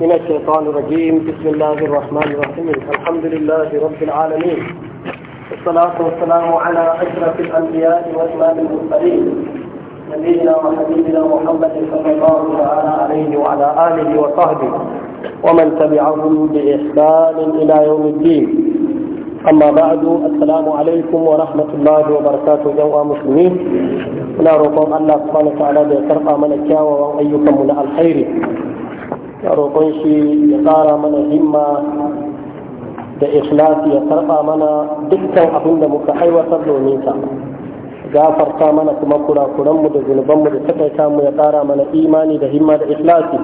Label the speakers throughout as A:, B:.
A: من الشيطان الرجيم بسم الله الرحمن الرحيم الحمد لله رب العالمين والصلاة والسلام على أشرف الأنبياء وإمام المرسلين نبينا وحبيبنا محمد صلى الله تعالى عليه وعلى آله وصحبه ومن تبعهم بإحسان إلى يوم الدين أما بعد السلام عليكم ورحمة الله وبركاته جوا مسلمين لا رقم الله سبحانه وتعالى بيترقى من الكاوى وأيكم من الخير ya roƙon shi ya ƙara mana himma da ikhlasi ya karɓa mana dukkan abin da muka aiwatar domin sa gafarta mana kuma kurakuranmu da zunubanmu da takaita mu ya ƙara mana imani da himma da ikhlasi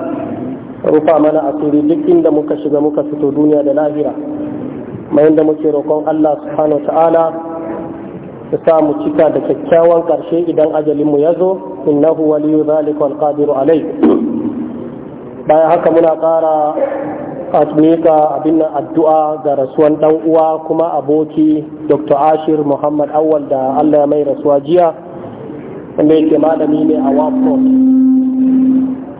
A: rufa mana asiri duk inda muka shiga muka fito duniya da lahira mai da muke roƙon Allah subhanahu ta'ala ya sa mu cika da kyakkyawan ƙarshe idan ajalinmu ya zo innahu waliyu zalika alqadiru alayhi bayan haka muna ƙara a abin addu'a ga rasuwan dan uwa kuma aboki dr ashir muhammad awal da allah ya mai rasuwa jiya wanda yake malami ne a wafrod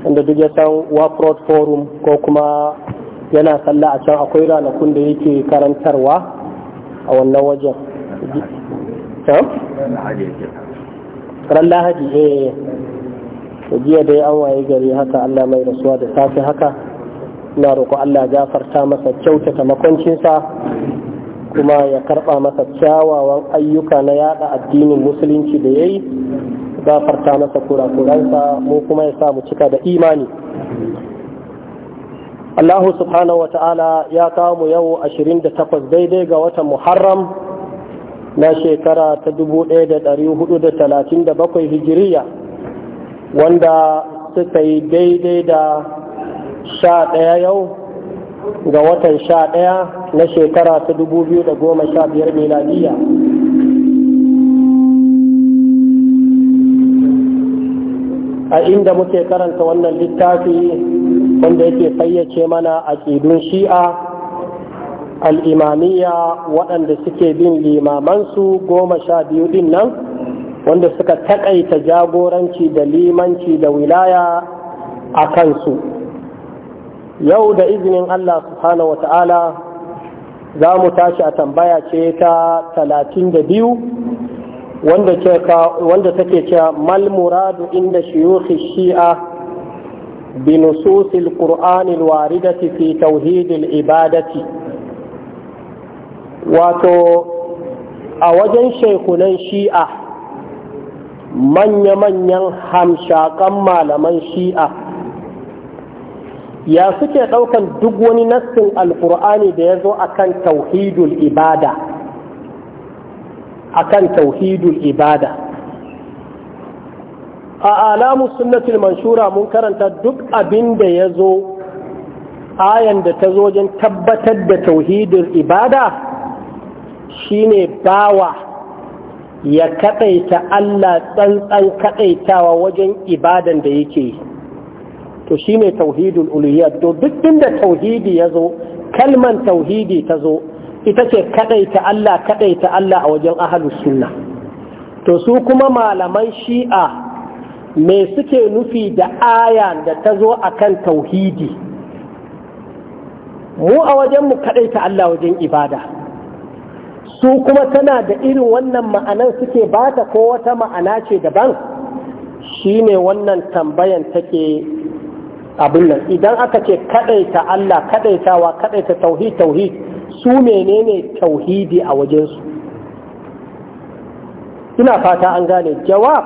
A: wanda duk ya san wafrod forum ko kuma yana sallah a can akwai ranakun da yake karantarwa a wannan wajen ran lahadi eh, eh. da jiya dai an waye gari haka Allah mai rasuwa da safe haka na roƙo Allah ya gafarta masa kyautata makoncinsa kuma ya karɓa masa kyawawan ayyuka na yada addinin musulunci da ya yi gafarta masa kurakuransa mu kuma ya samu cika da imani Allah subhanahu wa ta'ala ya kawo mu yau 28 daidai ga watan Muharram na shekara ta dubu da da da hudu talatin bakwai hijiriya wanda suka yi daidai da sha ɗaya yau ga watan sha ɗaya na shekara ta dubu biyu da goma sha biyar miladiya a inda muke karanta wannan littafi wanda yake fayyace mana a ƙidun shi'a al'imamiya waɗanda suke bin limamansu goma sha biyu ɗin nan wanda suka takaita jagoranci da limanci da wilaya a kansu yau da izinin Allah subhanahu wata'ala za mu tashi a tambaya ce ta talatin da biyu wanda take cewa mal muradu inda shiyuhi shi'a بنصوص القرآن الواردة في ibadati. العبادة a wajen شيخنا Shi'a. manya-manyan hamshakan malaman shi'a ya suke ɗaukan duk wani nassin alkur'ani da ya zo a kan tauhidul ibada akan tauhidul ibada a alamu sunnatul manshura mun karanta duk abin da ya zo ayan da ta zo wajen tabbatar da tauhidul ibada shine bawa ya kaɗaita Allah tsantsan kaɗaitawa wajen ibadan da yake to shi ne tauhidul uluhiyya to duk inda tauhidi ya zo kalman tauhidi ta zo ita ce kaɗaita Allah kaɗaita Allah a wajen ahalus sunna to su kuma malaman shi'a me suke nufi da aya da ta zo a kan tauhidi mu a wajenmu kaɗaita Allah wajen ibada su kuma tana da irin wannan ma'anar suke ba ta ko wata ma'ana ce daban shi ne wannan tambayan take abin nan idan aka ce kadaita Allah kadaitawa kadaita tauhid tauhid su menene tauhidi a wajensu ina fata an gane jawab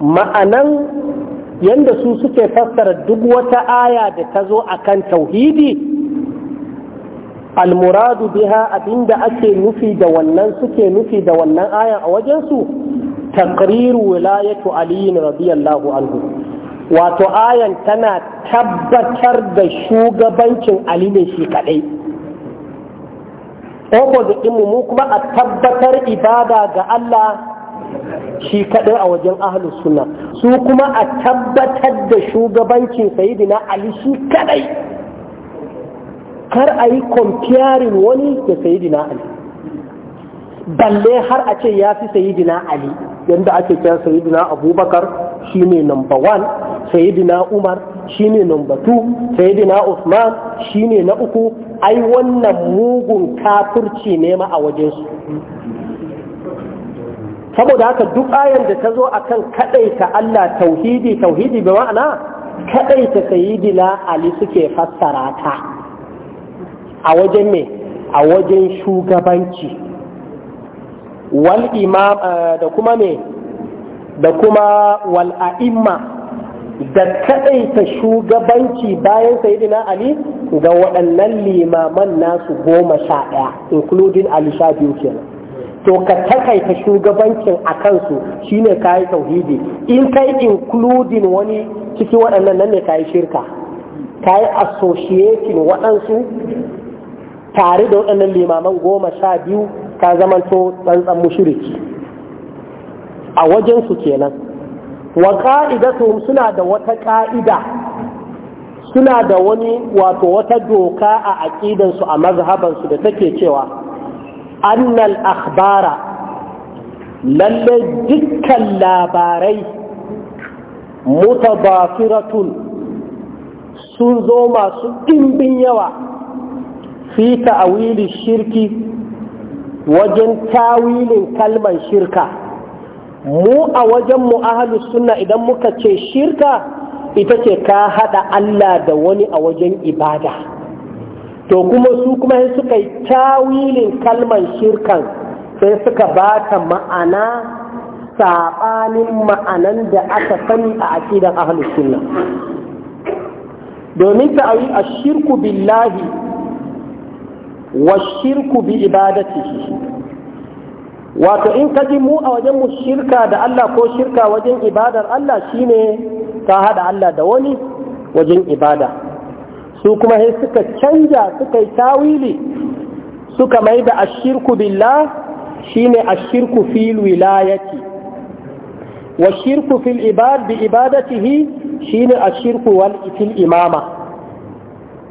A: ma'anan yadda su suke fassara duk wata aya da ta zo akan tauhidi almuradu biha abinda ake nufi da wannan suke nufi da wannan ayan a wajensu taqriru wilayatu aliyin radiyallahu anhu wato ayan tana tabbatar da shugabancin ali ne shi kadai opposite ɗinmu mu kuma a tabbatar ibada ga Allah shi kadai a wajen ahlus sunna su kuma a tabbatar da shugabancin sayyidina ali shi kadai kar a yi kwamfiyarin wani da sayidina ali balle har a ce ya fi sayidina ali yadda ake kira sayidina abubakar shi ne number one sayidina umar shi ne number two sayidina usman shi ne na uku ai wannan mugun kafirci ne ma a wajensu saboda haka duk ayan da ta zo akan kaɗaita Allah tauhidi tauhidi bi ma'ana kaɗaita sayyidina ali suke fassara ta a wajen ne a wajen shugabanci wal imam eh, da kuma ne da kuma wal a'imma da kadaita shugabanci bayan sayyidina ali ga waɗannan limaman nasu goma sha ɗaya including ali sha biyu to ka takaita shugabancin a kansu shine ka yi tauhidi in ka yi including wani cikin waɗannan nan ne ka yi shirka ka yi associating waɗansu tare da waɗannan limaman goma sha biyu ta zama to tsantsan mushiriki a wajensu kenan wa suna da wata ka'ida suna da wani wato wata doka a aƙidansu a mazhabansu da take cewa annal akhbara lalle dukkan labarai mutabafiratun sun zo masu ɗimbin yawa fi ta'awili shirki wajen tawilin kalman shirka mu a wajen mu sunna idan muka ce shirka ita ce ka hada Allah da wani a wajen ibada to kuma su kuma suka yi tawilin kalman shirkan sai suka ba ta ma'ana saɓanin ma'anan da aka sani a aƙidan ahalus sunna domin ta'awi a shirku billahi wa shirku bi ibadatihi wato in ka ji mu a wajen mu shirka da Allah ko shirka wajen ibadar Allah shine ka hada Allah da wani wajen ibada su kuma sai suka canja suka yi tawili suka mai da ashirku billah shine ashirku fil wilayati wa shirku fil ibad bi ibadatihi shine ashirku wal fil imama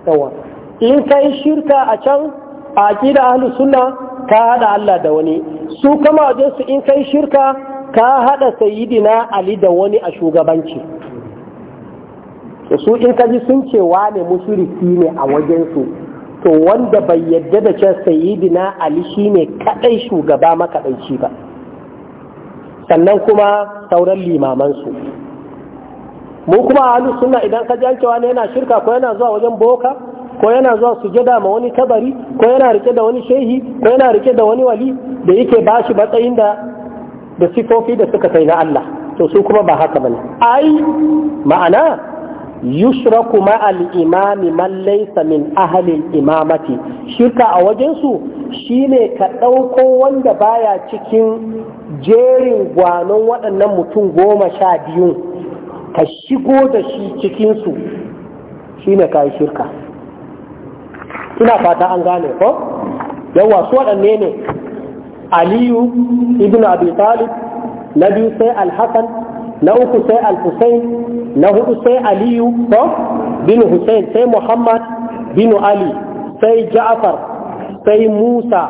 A: yawa in kai shirka a can a da ahlus sunna ka haɗa Allah da wani su kama wajensu in kai shirka ka hada sayyidina Ali da wani a shugabanci su in kaji sun ce wane mushriki ne a wajensu to wanda bai yadda da cewa sayyidina Ali shine kadai shugaba makadaici ba sannan kuma sauran limamansu mu kuma ahlus sunna idan ka ji an cewa yana shirka ko yana zuwa wajen boka ko yana zuwa su sujada ma wani kabari ko yana rike da wani shehi ko yana rike da wani wali da yake bashi matsayin da da sifofi da suka kai na Allah to su kuma ba haka bane ai ma'ana yushraku al imami man laysa min ahli imamati shirka a wajen su shine ka ɗauko wanda baya cikin jerin gwanon waɗannan mutum goma sha biyu ka shigo da shi cikin cikinsu shine ka shirka ina fata an gane ko yawa su waɗanne ne aliyu ibn abi talib na biyu sai alhassan na uku sai alhusain na hudu sai aliyu ko bin Hussein, sai muhammad bin ali sai ja'far sai musa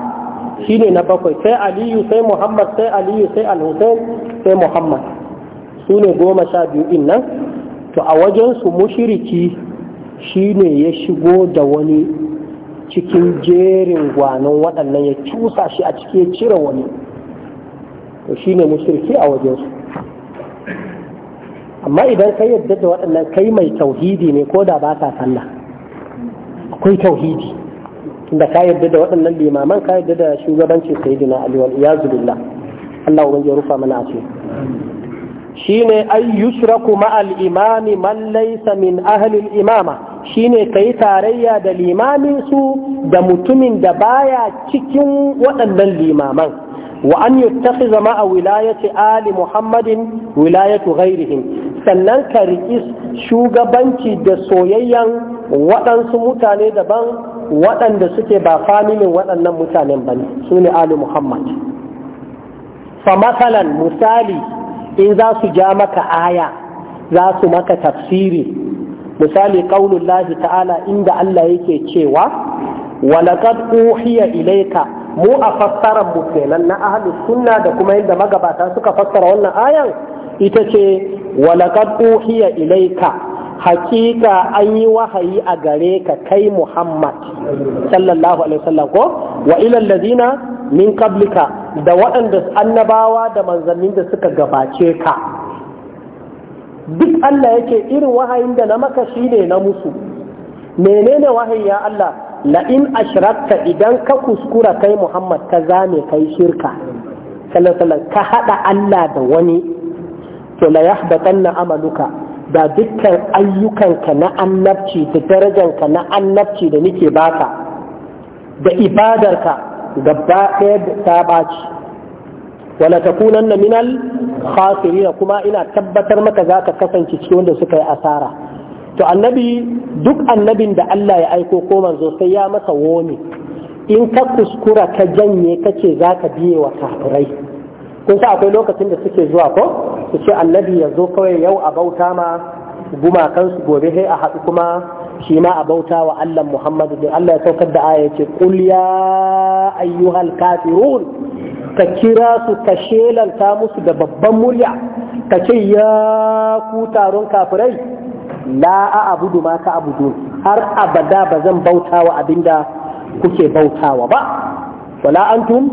A: shine na bakwai sai aliyu sai muhammad sai aliyu sai alhusain sai muhammad su ne goma sha biyu in nan to a wajensu mushiriki shine ya shigo da wani cikin jerin gwanon waɗannan ya cusa shi a cikin cire wani to shi ne mushriki a wajensu amma idan ka yadda da waɗannan kai mai tauhidi ne ko da ba ka sallah akwai tauhidi da ka yadda da waɗannan limaman ka yadda da shugabanci sai ali wal iyazu billah Allah ubangiji ya rufa mana ce shi ne yushraku ma'al imami man laysa min ahli imama shine ka yi tarayya da limamin su da mutumin da baya cikin waɗannan limaman wa an fi zama a wilayati ali muhammadin wilayatu ghairihim sannan ka riƙi shugabanci da soyayyan waɗansu mutane daban waɗanda suke ba familin waɗannan mutanen ba ne su ne ali muhammad fa makalan misali in za su ja maka aya za su maka tafsiri misali qaulullahi ta'ala inda Allah yake cewa walakad uhiya ilayka mu a fassarar mu kenan na ahli sunna da kuma yadda magabata suka fassara wannan ayan ita ce walaqad uhiya ilayka hakika an yi wahayi a gare ka kai Muhammad sallallahu alaihi wasallam ko wa ila allazina min qablika da waɗanda annabawa da manzannin da suka gabace ka duk Allah yake irin wahayin da na maka shi ne na musu menene wahayi ya Allah la in ashrakta idan ka kuskura kai Muhammad ka zame kai shirka sallallahu ka hada Allah da wani to la yahbatanna amaluka da dukkan ayyukanka na annabci da darajanka na annabci da nake baka da ibadarka gaba ɗaya ta ɓaci wala na minal khasirin kuma ina tabbatar maka za ka kasance cikin wanda suka yi asara to annabi duk annabin da Allah ya aiko ko manzo sai ya masa woni in ka kuskura ka janye za ka biye wa kafirai kun sa akwai lokacin da suke zuwa ko su ce annabi ya zo kawai yau a bauta ma gumakansu gobe sai a haɗu kuma shi ma a bauta wa Allah Muhammadu da Allah ya saukar da aya ce ƙulya ayyuhal kafirun ka kira su ka shelanta musu da babban murya ka ce ya ku taron kafirai la a abudu ma ka abudu har abada ba zan bautawa abinda kuke bautawa ba wala antum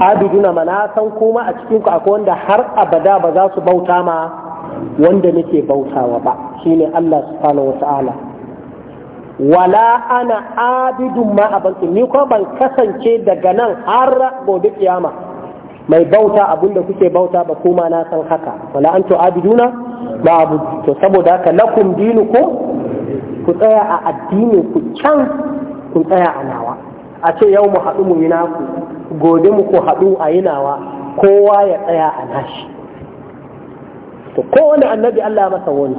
A: abiduna mana san kuma a cikin akwai wanda har abada ba za su bauta ma wanda nake bautawa ba shine Allah subhanahu wata'ala wala ana abidun ma ni ko ban kasance daga nan har gobe kiyama mai bauta abinda kuke bauta ba kuma na san haka wala antu abiduna ba abu to saboda haka lakum dinu ko ku tsaya a addini ku can ku tsaya a nawa a ce yau mu haɗu mu yi naku gobe mu ku haɗu a yi nawa kowa ya tsaya a nashi to kowane annabi Allah ya masa wani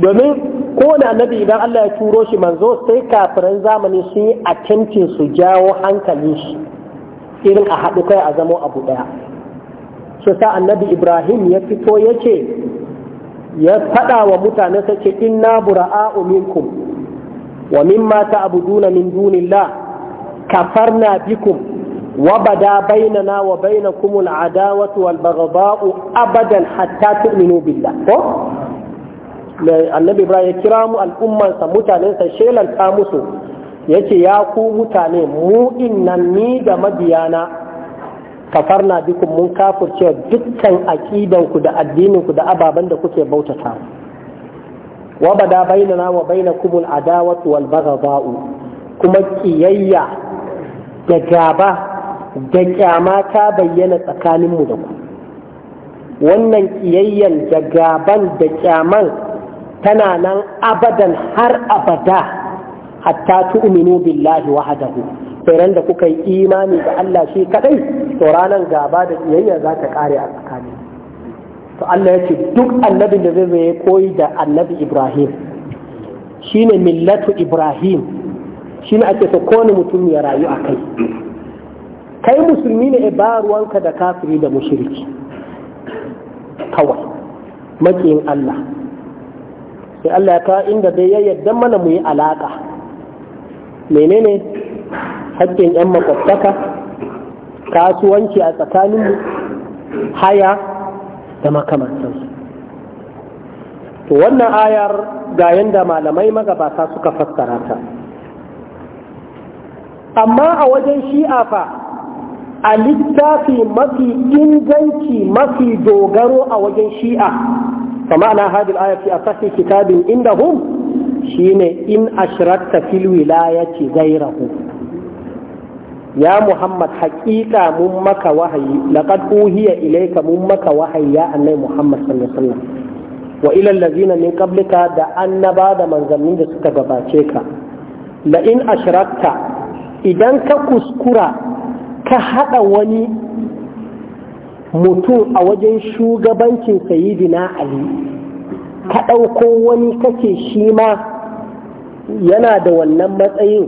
A: domin kowane annabi idan Allah ya turo shi manzo sai kafiran zamani sun yi attempting su jawo hankalin shi irin a haɗu kai a zamo abu ɗaya so sa annabi ibrahim ya fito ya ce ya faɗa wa mutane sa ce inna bura'a minkum wa abu ta'buduna min dunillah kafarna bikum wa bada bainana wa bainakum al'adawatu wal baghdha'u abadan hatta tu'minu billah ko annabi ibrahim ya kira mu al'umman sa mutanen sa shelanta musu yace ya ku mutane mu innan ni da mabiyana kafarna bikum mun kafirce dukkan aqidan ku da addininku da ababen da kuke bautata wa bada bainana wa bainakum al-adawatu wal baghdha'u kuma kiyayya da gaba da kyama ta bayyana tsakaninmu da ku wannan kiyayyan da gaban da kyaman tana nan abadan har abada hatta tu'minu billahi wahdahu sai da kuka yi imani da Allah shi kadai to ranan gaba da kiyayya za ta kare a tsakani to Allah ya ce duk annabin da zai zai koyi da annabi Ibrahim shine millatu Ibrahim shine ake so kowane mutum ya rayu a kai kai musulmi ne eh, ba ruwanka da kafiri da mushriki kawai makiyin Allah sai Allah ya kawo inda dai ya yadda mana mu yi alaka menene haƙƙin 'yan makwabtaka kasuwanci a tsakanin haya da makamantansu to wannan ayar ga yadda malamai magabata suka fassara ta amma a wajen shi'a fa a littafi mafi inganci mafi dogaro a wajen shi'a kama na hadin a sashi kitabin inda shine in ashratta fil wilayati ghayrahu ya muhammad haƙiƙa mun maka wahayi laqad uhiya ilayka mun maka wahayi ya annabi muhammad sallallahu alaihi wasallam wa ila allazina min qablika da annaba da manzannin da suka gabace ka la in ashrakta idan ka kuskura ka haɗa wani mutum a wajen shugabancin sayidina ali ka ɗauko wani kake shi ma yana da wannan matsayin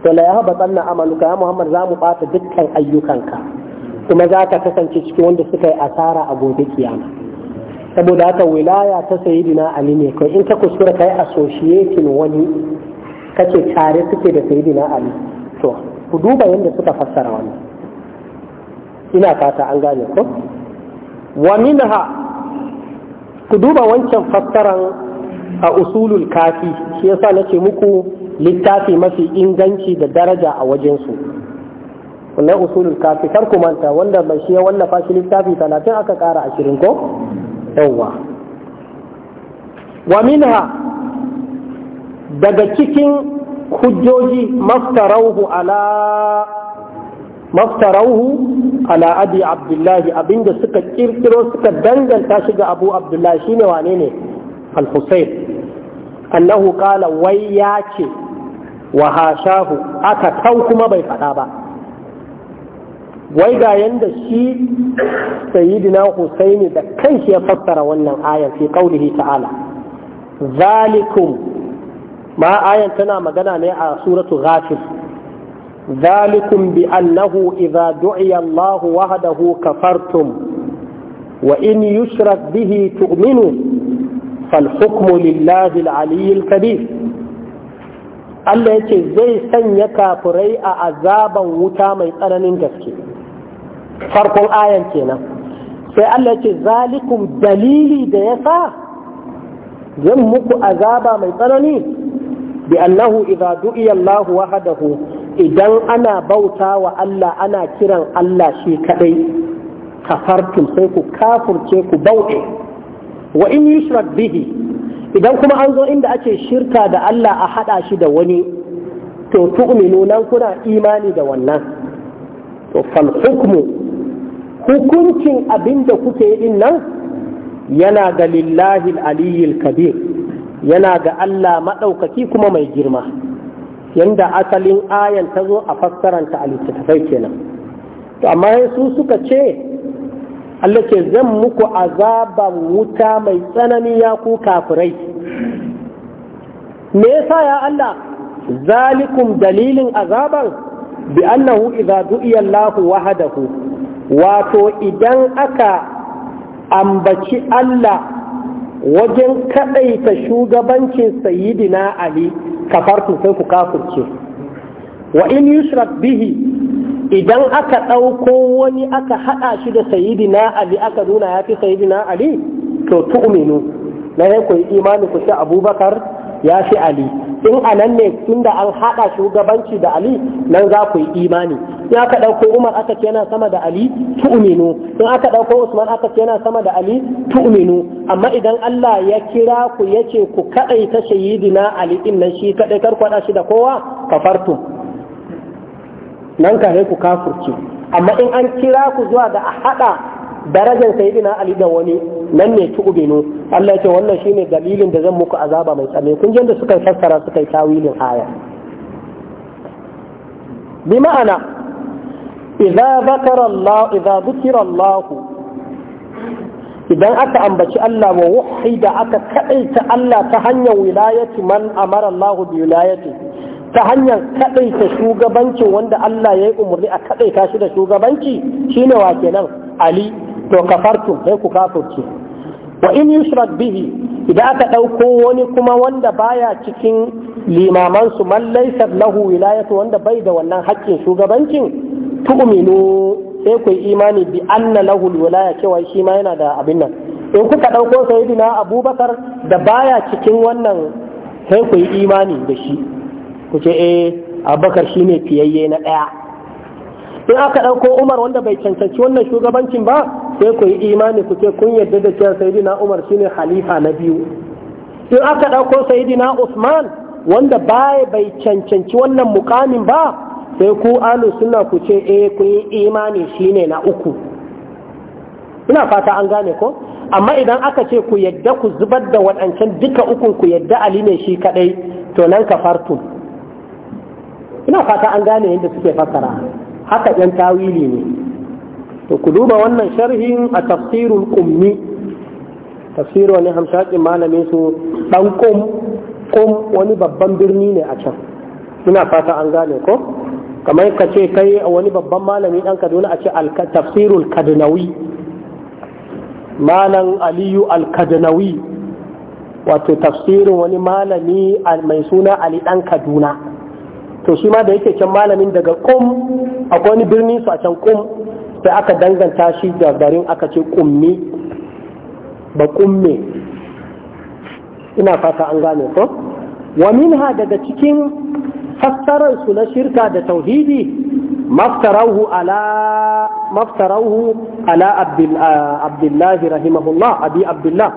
A: to la yahba tsanna amaluka ya Muhammad za mu bata dukkan ayyukanka kuma za ka kasance cikin wanda suka yi asara a gobe kiyama saboda haka wilaya ta sayidina Ali ne kai in ka kuskura kai associating wani kace tare suke da sayidina Ali to ku duba yadda suka fassara wannan ina fata an gane ko wa minha ku duba wancan fassaran a usulul kafi shi yasa nace muku littafi mafi inganci da daraja a wajensu wannan usulul kafi kar manta wanda bai shi ya wallafa shi littafi talatin aka kara ashirin ko yawwa wa minha daga cikin hujjoji maftarauhu ala maftarauhu ala abi abdullahi abinda suka kirkiro suka danganta shi ga abu abdullahi shine wane ne al-Husayn annahu qala wai ya ce wa hashahu aka tau kuma bai faɗa ba wai ga yanda shi sayyidina Husayn da kanshi ya fassara wannan ayan fi qaulihi ta'ala zalikum ma ayan tana magana ne a suratu ghafir bi annahu إذا دعي الله وحده wa in يشرك bihi تؤمنون فالحكم لله العلي الكبير Allah yace zai sanya kafurai a azaban wuta mai tsananin gaske farkon ayan kenan sai Allah yace ce dalili da ya sa zan muku azaba mai tsanani bi annahu idza du'iya Allah wahdahu idan ana bauta wa Allah ana kiran Allah shi kadai kafartum sai ku kafurce ku bauɗe. wa in yushrak bihi idan kuma an zo inda ake shirka da Allah a hada shi da wani to tu'minu nan kuna imani da wannan to fal hukmu hukuncin abin da kuke yi nan yana ga lillahi aliyyil kabir yana ga Allah madaukaki kuma mai girma yanda asalin ayan ta zo a fassaranta a littattafai kenan to amma su suka ce Allah ce zan muku azaban wuta mai tsanani ya ku kafirai me yasa ya Allah zalikum dalilin azaban bi annahu idza du'iya Allahu wahdahu wato idan aka ambaci Allah wajen kadaita shugabancin sayyidina Ali kafartu sai ku kafirce wa in yushrak bihi idan aka ɗauko wani aka haɗa shi da na ali aka nuna ya fi na ali to tu'minu na yi ku imani ku ce abubakar ya fi ali in a nan ne tunda an haɗa shugabanci da ali nan za ku yi imani in aka ɗauko umar aka ce yana sama da ali tu'minu in aka ɗauko usman aka ce yana sama da ali tu'minu amma idan allah ya kira ku ya ce ku kaɗaita sayidina ali in nan shi kaɗai kar ku haɗa shi da kowa kafartu nan ka ku kafurci amma in an kira ku zuwa ga a haɗa darajar sayyidina ali da wani nan ne tu'binu Allah ya ce wannan shine dalilin da zan muku azaba mai tsanani kun ji da suka fassara suka yi tawilin aya bi ma'ana idza zakara Allah idza dhukira Allah idan aka ambaci Allah wa wahida aka kadaita Allah ta hanyar wilayati man amara Allah bi wilayati ta hanyar kaɗaita shugabancin wanda Allah ya yi umarni a kaɗaita shi da shugabanci ne wa kenan Ali to kafartum sai ku kafurce wa in yushrak bihi idan aka ɗauko wani kuma wanda baya cikin limamansu su lahu wilayatu wanda bai da wannan haƙƙin shugabancin tu'minu sai ku yi imani bi anna lahu wilaya cewa shi ma yana da abin nan in kuka ɗauko sayidina Abubakar da baya cikin wannan sai ku yi imani da shi ku ce e abubakar ne fiyayye na ɗaya in aka ɗauko umar wanda bai cancanci wannan shugabancin ba sai ku yi imani ku ce kun yarda da cewa na umar shine halifa na biyu in aka ɗauko Saidina usman wanda baya bai cancanci wannan mukamin ba sai ku alu suna ku ce e kun yi imani shi ne na uku ina fata an gane ko amma idan aka ce ku yadda ku zubar da waɗancan duka ukun ku yadda ali ne shi kaɗai to nan ka fartu. ina fata an gane yadda suke fassara haka yan tawili ne to ku duba wannan sharhin a tafsirul ummi tafsir wani hamshakin malamin su dan kum kum wani babban birni ne a can ina fata an gane ko kamar ka ce kai wani babban malami dan kaduna a ce tafsirul kadnawi malam aliyu al-kadnawi wato tafsirin wani malami mai suna ali dan kaduna to shi ma da yake can malamin daga kum akwai wani birni su a can kum sai aka danganta shi da garin aka ce kummi ba kumme ina fata an gane ko wa minha daga cikin fassarar su na shirka da tauhidi maftarahu ala maftarahu ala abdullahi rahimahullah abi abdullah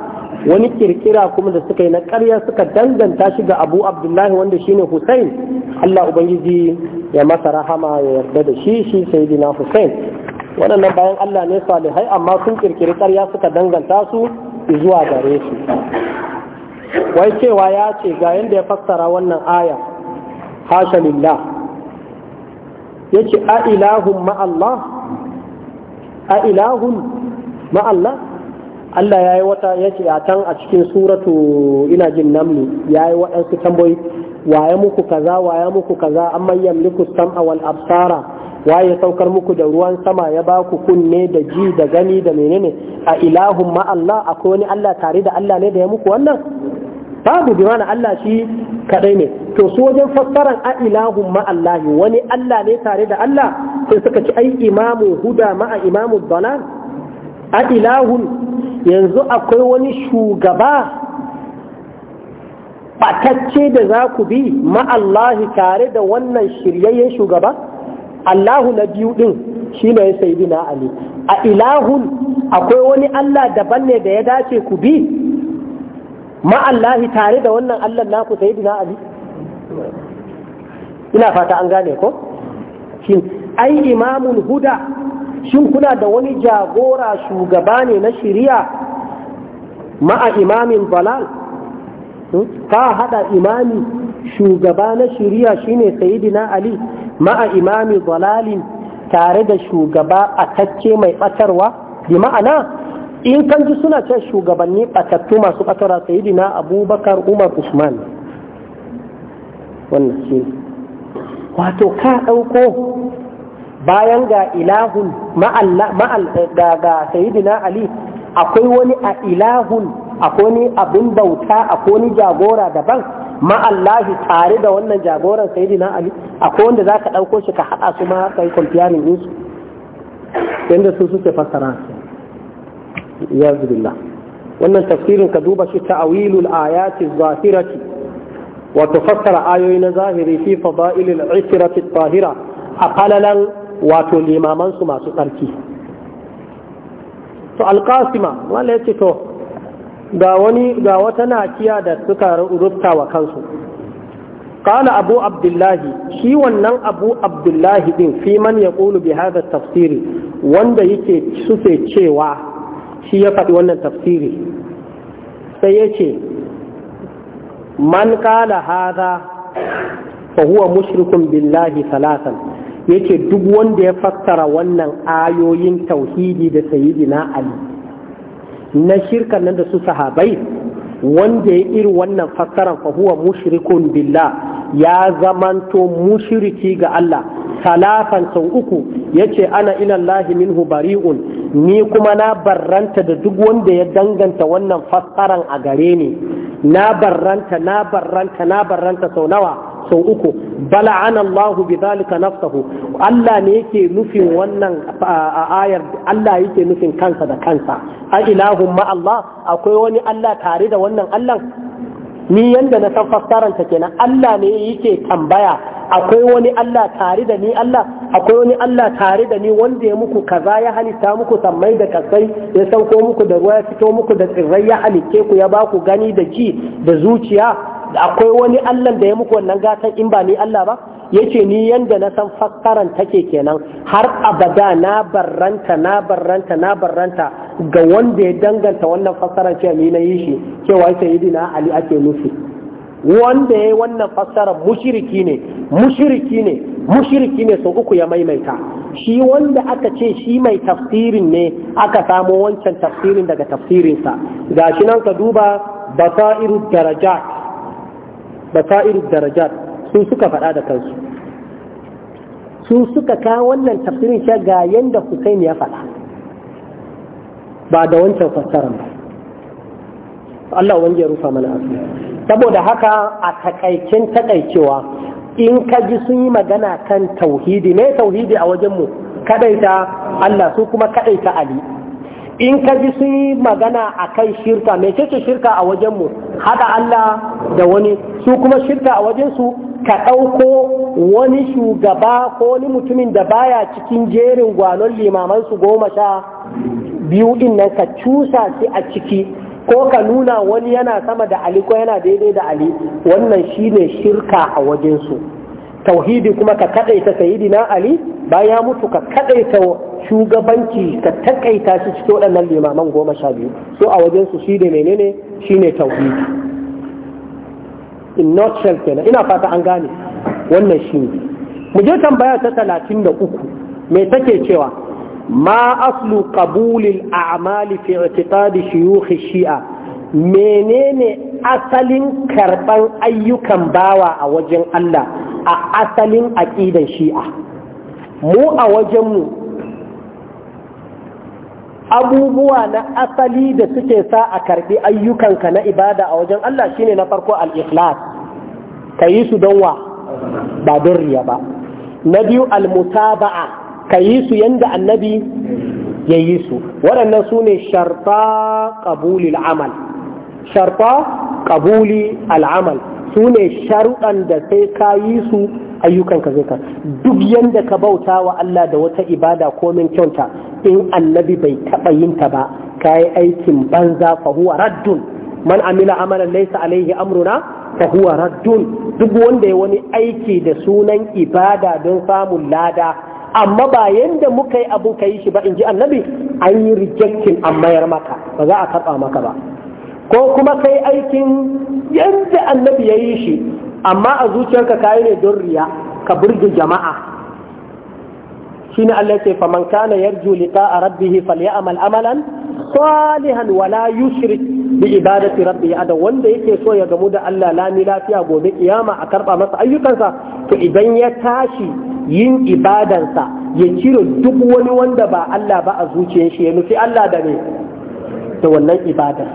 A: wani kirkira kuma da suka yi na ƙarya suka danganta shi ga abu abdullahi wanda shine hussein allah ubangiji ya masa rahama ya yarda da shi shi saidina hussein waɗannan bayan allah ne salihai amma sun kirkiri ƙarya suka danganta su zuwa gare su wai cewa ya ce ga yadda ya fassara wannan aya hasha lillah ya ce a ilahun ma'allah a ilahun ma'allah Allah ya yi wata ya ce a can a cikin suratu ina jin namni ya yi waɗansu tambayi ya muku kaza ya muku kaza amma yamliku sam'a wal absara waye saukar muku da ruwan sama ya ba ku kunne da ji da gani da menene a ilahun ma Allah akwai wani Allah tare da Allah ne da ya muku wannan babu bi mana Allah shi kadai ne to su wajen fassaran a ilahun ma Allah wani Allah ne tare da Allah sai suka ci ai imamu huda ma a imamu dalal a ilahun yanzu akwai wani shugaba batacce da za ku bi ma'allahi tare da wannan shiryayyen shugaba allahu na biyu din shi ne ya sayi na ali a ilahun akwai wani allah daban ne da ya dace ku bi ma'allahi tare da wannan allah naku sayi na ali ina fata an gane ko ai imamun huda shin kuna da wani jagora shugaba ne na shiriya ma'a imamin balal hmm? ka hada imami shugaba na shiriya shine Sayyidina ali ma'a imami balalin tare da shugaba tacce mai batarwa bi ma'ana in kan ji suna ce shugabanni batattu masu batarwa Sayyidina abubakar umar usman wannan shi wato ka ɗauko bayan ga ilahun ma'al eh, ga sayidina ali akwai wani a ilahun akwai wani abin bauta akwai wani jagora daban ma'allahi tare da wannan jagoran sayidina ali akwai wanda za ka ɗauko shi ka haɗa su ma kai kwamfiyanin insu yadda su suke fassara su ya zubillah wannan tafsirin ka duba shi ta'awilul ayati zahirati wato fassara ayoyi na zahiri fi fadailil ishrati tahira a falalan wato limamansu masu tsarki to alkasima wanda ya ce to ga wani ga wata nakiya da suka rubuta wa kansu Kala abu abdullahi shi wannan abu abdullahi din fi man yaqulu bi hadha tafsiri wanda yake suke cewa shi ya faɗi wannan tafsiri sai ya ce man kala hada, fa huwa mushrikun billahi Salasan. yace duk wanda ya fassara wannan ayoyin tauhidi da sayyidina ali na shirka nan da su sahabai wanda ya iri wannan fassaran fa huwa mushrikun billah ya zamanto mushriki ga Allah salafan sau uku yace ana ila Allahi minhu bari'un ni kuma na barranta da duk wanda ya danganta wannan fassaran a gare ni na barranta na barranta na barranta sau nawa sau uku bala Allahu bi zalika nafsahu Allah ne yake nufin wannan ayar Allah yake nufin kansa da kansa a ilahun ma Allah akwai wani Allah tare da wannan Allah ni yanda na san fassaranta kenan Allah ne yake tambaya akwai wani Allah tare da ni Allah akwai wani Allah tare da ni wanda ya muku kaza ya halitta muku sammai da kasai ya sauko muku da ruwa ya fito muku da tsirrai ya halitta ku ya baku gani da ji da zuciya akwai wani Allah da ya muku wannan gatan in ba ni Allah ba yace ni yanda na san fakkaran take kenan har abada na barranta na barranta na barranta ga wanda ya danganta wannan fassara cewa ni na yi shi cewa sayyidina Ali ake nufi wanda ya wannan fassara mushiriki ne mushiriki ne mushiriki ne sau uku ya maimaita shi wanda aka ce shi mai tafsirin ne aka samo wancan tafsirin daga tafsirinsa ga shi nan ka duba basairu darajat basairu darajat su suka faɗa da kansu su suka kawo wannan tafsirin shi ga yanda Hussein ya faɗa ba da wancan fassara ba Allah wanda ya rufa mana asiri saboda haka a takaicin takaicewa in ka ji sun yi magana kan tauhidi ne tauhidi a wajenmu kadaita Allah su kuma kadaita Ali in ka ji sun yi magana a kan shirka mai ce shirka a wajenmu Hada Allah da wani su kuma shirka a wajensu ka ɗauko wani shugaba ko wani mutumin da baya cikin jerin gwanon limamansu goma sha biyu din nan ka cusa shi a ciki ko ka nuna wani yana sama da Ali ko yana daidai da Ali wannan shine shirka a wajensu. tauhidi kuma ka kadaita sayyidina ali bayan ya mutu ka kadaita shugabanci ka takaita shi cikin waɗannan limaman goma sha biyu so a wajen su shi da menene shine tauhidi in nutshell kenan ina fata an gane wannan shi ne mu je tambaya ta talatin da uku me take cewa ma aslu qabulil a'mali fi i'tiqad shuyukh shi'a menene asalin karban ayyukan bawa a wajen Allah a asalin aƙidan shi'a mu a wajenmu abubuwa na asali da suke sa a karɓi ayyukanka na ibada a wajen Allah shine na farko al-ikhlas ka yi su don wa ba don riya ba na biyu al-mutaba'a ka yi su yanda annabi ya yi su waɗannan su ne sharta ƙabulil amal sharta ƙabuli al'amal su ne sharuɗan da sai ka yi su ka zai ka duk yadda ka bauta wa Allah da wata ibada ko min kyauta in annabi bai taɓa yin ta ba ka yi aikin banza fa huwa raddun man amila amalan laysa alaihi amruna fa raddun duk wanda ya wani aiki da sunan ibada don samun lada amma ba yadda muka yi abu ka yi shi ba in ji annabi an yi rejectin an mayar maka ba za a karɓa maka ba ko kuma kai aikin yadda annabi ya yi shi amma a zuciyarka kayi ne don riya ka burge jama'a shine Allah ce faman kana yarju liqa'a rabbih falyamal amalan salihan wala yushrik bi ibadati rabbih ada wanda yake so ya gamu da Allah lami lafiya gobe kiyama a karba masa ayyukansa to idan ya tashi yin ibadansa ya cire duk wani wanda ba Allah ba a zuciyar shi ya nufi Allah da ne da wannan ibadar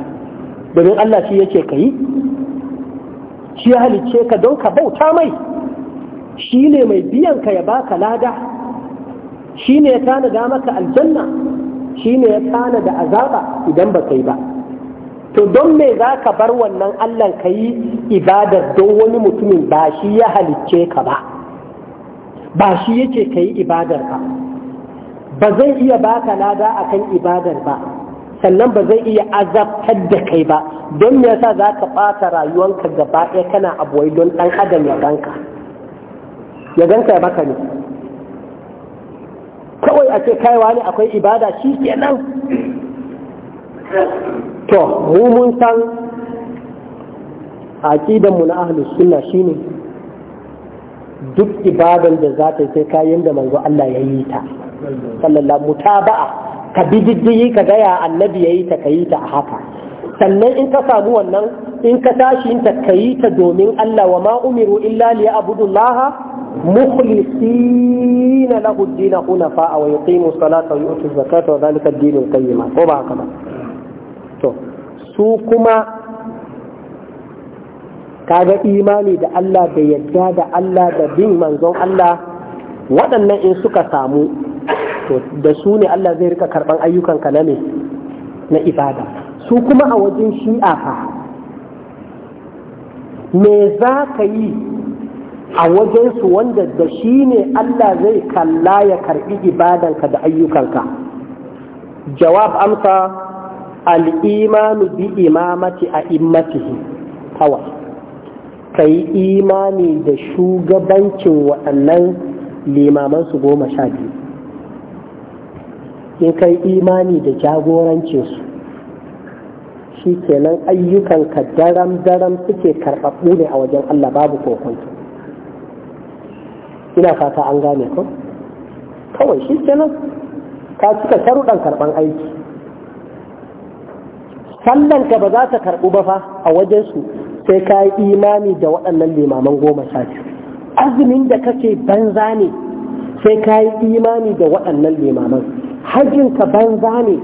A: domin Allah shi yake ka yi shi ya halicce ka don ka bauta mai shi ne mai biyan ka ya baka lada shi ne ya tanada maka aljanna shi ne ya da azaba idan ba kai ba to don me za ka bar wannan Allah ka yi ibadar don wani mutumin ba shi ya halicce ka ba ba shi yake ka yi ibadar ba ba zai iya baka lada akan ibadar ba sannan ba zai iya azabtar da kai ba don me yasa za ka ɓata rayuwanka gaba ɗaya kana abuwai don ɗan adam ya ganka ya ganka ya baka ne kawai a ce kaiwa ne akwai ibada shi kenan to mu mun san aqidanmu na ahlus sunna shine duk ibadan da za ta sai kayan da manzo Allah ya yi ta sallallahu mutaba'a ka bi diddigi ka gaya annabi ya ta ka yi ta a haka sannan in ka samu wannan in ka tashinta in ta ka yi ta domin Allah wa ma umiru illa liya abudullah mukhlisina lahu ad-din hunafa wa yuqimu salata wa yu'tu zakata wa dhalika ad-din al-qayyim ko ba haka ba su kuma kaga imani da Allah da yadda da Allah da bin manzon Allah waɗannan in suka samu to da su ne Allah zai rika karɓan ayyukan ka na ne na ibada su kuma a wajen shi'a fa me za ka yi a wajensu wanda da shi ne Allah zai kalla ya karɓi ibadanka da ayyukanka jawab amsa al'imanu bi imamati a immatihi kawai ka yi imani da shugabancin waɗannan limaman su goma sha biyu in kai imani da jagorancinsu shi kenan ayyukanka daram-daram suke karɓaɓɓu ne a wajen Allah babu kokonto ina fata an gane ko kawai shi kenan ka cika sharuɗan karɓan aiki sallanka ba za ta karɓu ba fa a wajensu sai ka yi imani da waɗannan limaman goma sha biyu azumin da kake banza ne sai ka yi imani da waɗannan limaman hajjinka banza ne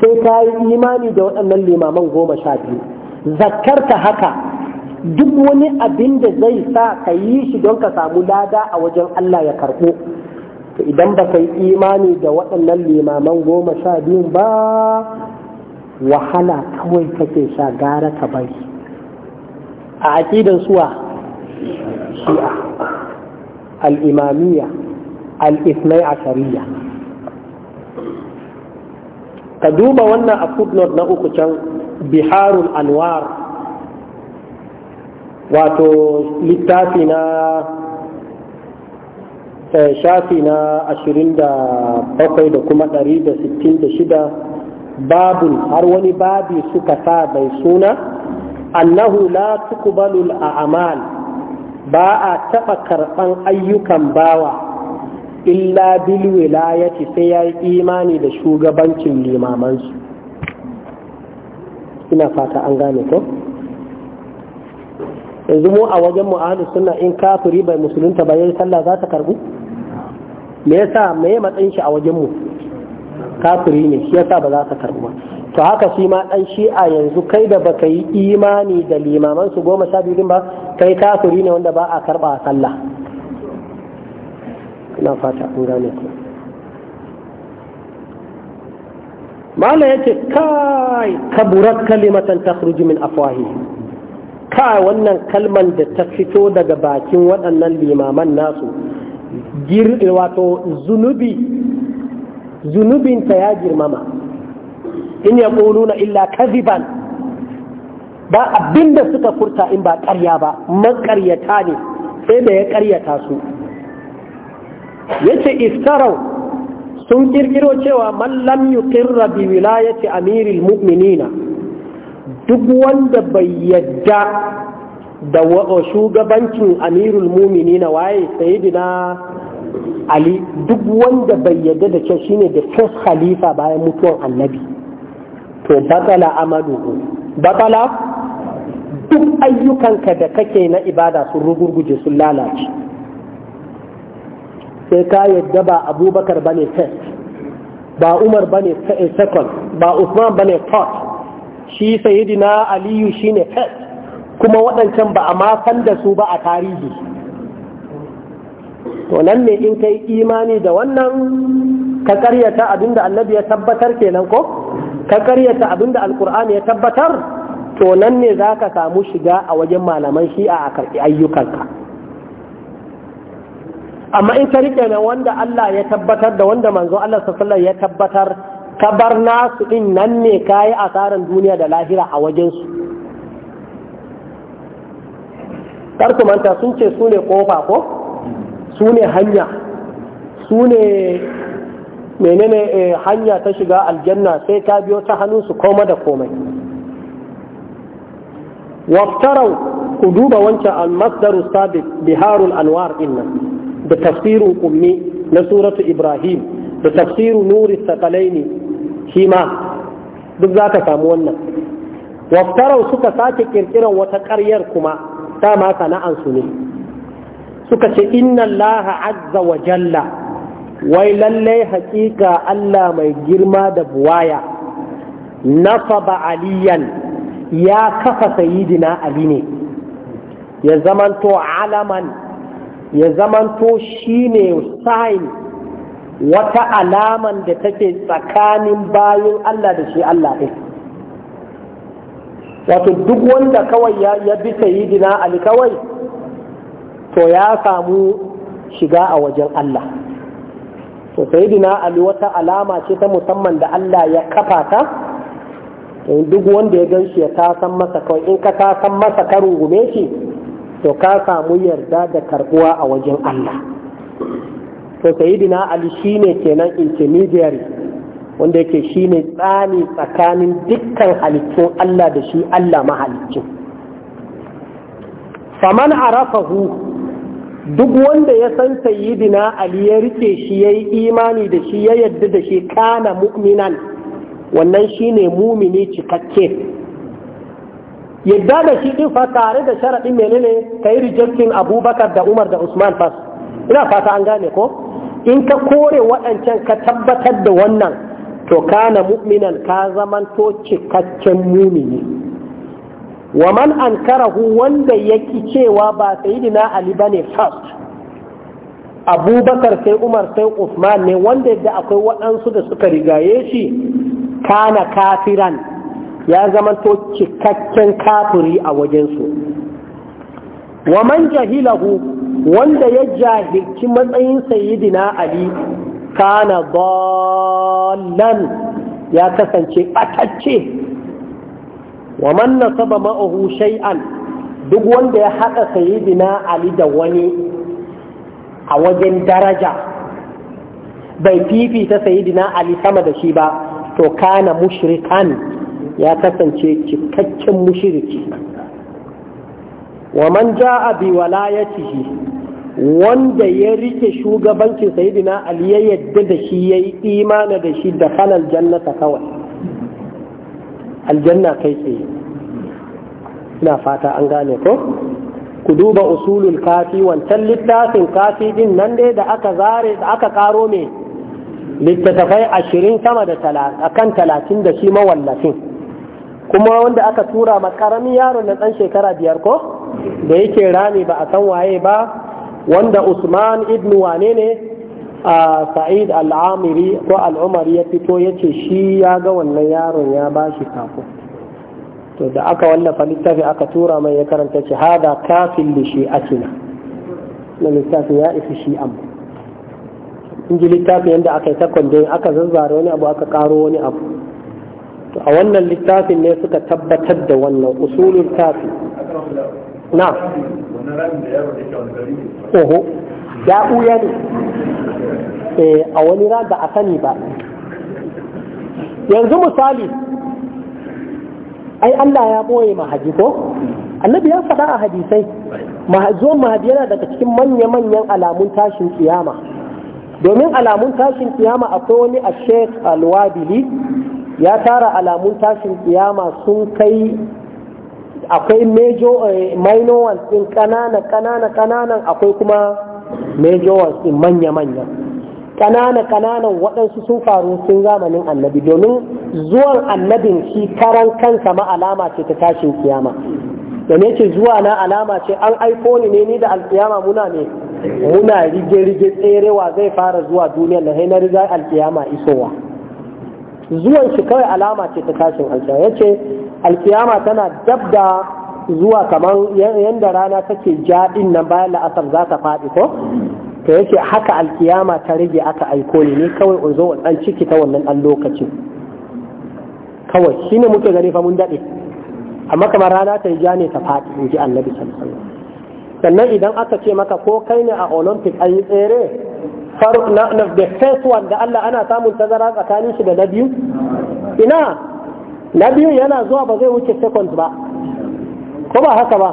A: sai ka yi imani da waɗannan limaman goma sha biyu zakkarka haka duk wani abin da zai sa ka yi shi don ka samu lada a wajen Allah ya karɓo to idan ba ka yi imani da waɗannan limaman goma sha biyu ba wahala kawai kake sha gara ka bari a aƙidan suwa shi'a al'imamiyya al'ismai a ka duba wannan a footnote na uku can biharul anwar wato littafina na shafi da da kuma ɗari da sittin da shida babu har wani babi suka sa bai suna annahu la tuqbalu amal ba a taɓa karɓan ayyukan bawa illa ya ci sai ya yi imani da shugabancin limamansu ina fata an gane ko yanzu mu a wajen mu'ahadu suna in kafiri bai musulunta ba yayi sallah za ta karbu me yasa me ya matsayin shi a wajen mu kafiri ne shi yasa ba za ta karbu ba to haka shi ma dan shi'a yanzu kai da baka yi imani da limaman su goma sha biyu ba kai kafiri ne wanda ba a karba sallah ina fata an gane ku mala yace kai kaburat kalimatan takhruju min afwahi ka wannan kalman da ta fito daga bakin waɗannan limaman nasu wato zunubi zunubinta ya girmama in ya ƙununa illa kaziban ba abinda suka furta in ba ƙarya ba maƙaryata ne sai da ya ƙaryata su yace iftarau sun ƙirƙiro cewa mallam lam yuqirra bi wilayati amiril mu'minina duk wanda bai yadda da shugabancin amirul mu'minina waye sayyidina ali duk wanda bai yadda da kyau shine da first khalifa bayan mutuwar annabi to batala amaluhu batala duk ayyukanka da kake na ibada sun rugurguje sun lalace sai ka yadda ba abubakar bane first ba umar bane eh, second ba usman bane third shi sayidina aliyu shine first kuma waɗancan ba a ma san da su ba a tarihi to nan ne in kai imani da wannan ka karyata abinda annabi ya tabbatar kenan ko ka karyata abinda alkur'ani ya tabbatar to nan ne za ka samu shiga a wajen malaman shi'a a karfi ayyukanka amma in ka riƙe na wanda Allah ya tabbatar da wanda manzo Allah sallallahu ya tabbatar ka bar nasu ɗin nan ne ka yi asarar duniya da lahira a wajensu kar ku manta sun ce su ne kofa ko su ne hanya su ne menene eh, hanya ta shiga aljanna sai ta biyo ta hannunsu koma da komai waftarau ku duba wancan almasdaru sabiq biharul anwar inna da tafsirin ummi na suratu ibrahim da tafsirin nuri sakalaini shi ma duk za ka samu wannan waftarau suka sake kirkiran wata ƙaryar kuma ta sana'ansu ne suka ce inna allaha azza wa jalla wai lallai hakika Allah mai girma da buwaya ba aliyan ya kafa sayidina ali ne ya zamanto alaman ya zamanto shi ne sign wata alaman da take tsakanin bayan Allah da shi Allah ɗin wato duk wanda kawai ya bi sayidina ali kawai to ya samu shiga a wajen Allah to dina ali wata alama ce ta musamman da Allah ya kafa ta duk wanda ya gan shi ya san masa kawai in ka ta san masa ka rungume shi to ka samu yarda da karbuwa a wajen Allah to sayyidina ali shine kenan intermediary wanda yake shine tsani tsakanin dukkan halittun Allah da shi Allah mahalicci faman arafahu duk wanda ya san sayyidina ali ya rike shi ya yi imani da shi ya yadda da shi kana mu'minan wannan shi ne mumini cikakke yadda da shi fa tare da sharaɗin menene ka yi abubakar da umar da usman fas ina fata an gane ko in ka kore waɗancan ka tabbatar da wannan to kana mu'minan ka zamanto cikakken mumini wa man ankarahu wanda ki cewa ba sayidina ali bane first abubakar sai umar sai usman ne wanda yadda akwai waɗansu da suka rigaye shi kana kafiran ya zama zamanto cikakken kafiri a wajensu wa man jahilahu wanda ya jahilci matsayin sayidina ali kana dallan ya kasance ɓatacce wa man nasaba ma'ahu shay'an duk wanda ya haɗa sayyidina ali da wani a wajen daraja bai fifita sayyidina ali sama da shi ba to kana mushrikan ya kasance cikakken mushriki wa man ja'a bi walayatihi wanda ya rike shugabancin sayyidina ali ya yadda da shi yayi imani da shi da kanal jannata kawai aljanna kai tsaye ina fata an gane ko ku duba usulul kafi wancan littafin kafi din nan dai da aka zare da aka karo me littattafai ashirin sama da akan talatin da shi mawallafin kuma wanda aka tura ma karamin yaron na ɗan shekara biyar ko da yake rami ba a san waye ba wanda usman Ibnu wane ne a sa'id al'amiri ko al'umar ya fito ya ce shi ya ga wannan yaron ya ba shi kafo to da aka wallafa littafi aka tura mai ya karanta ce hada kafin da shi akina na littafin ya isi shi amma in ji littafin yadda aka yi takwandon aka zazzare wani abu aka karo wani abu to a wannan littafin ne suka tabbatar da wannan usulul kafin na Oho. ya ne eh, a wani ran a sani ba yanzu misali ai Allah ya ɓoye mahaji ko annabi ya faɗa a hadisai zuwan mahaji yana daga cikin manya-manyan alamun tashin kiyama domin alamun tashin kiyama akwai wani a sheikh alwabili ya tara alamun tashin kiyama sun kai akwai major eh, minor ones din kanana kanana kananan akwai kuma major ones manya-manya ƙanana ƙananan waɗansu sun faru sun zamanin annabi domin zuwan annabin shi karan kansa ma alama ce ta tashin kiyama da ne ce zuwa na alama ce an aiko ni ne ni da alkiyama muna ne muna rige-rige tserewa zai fara zuwa duniya da na riga alkiyama isowa zuwan shi kawai alama ce ta tashin alkiyama ya ce alkiyama tana dab da zuwa kamar yadda rana take jaɗin nan bayan la'asar za ta faɗi ko to yake haka alkiyama ta rage aka aiko ne kawai in wa ɗan ciki ta wannan ɗan lokaci kawai shi ne muke gani fa mun daɗe amma kamar rana ta ja ne ta faɗi in ji annabi sallallahu sannan idan aka ce maka ko kai ne a olympic an yi tsere faruk na the first one da Allah ana samun tazara tsakanin shi da na biyu ina na biyu yana zuwa ba zai wuce seconds ba ko ba haka ba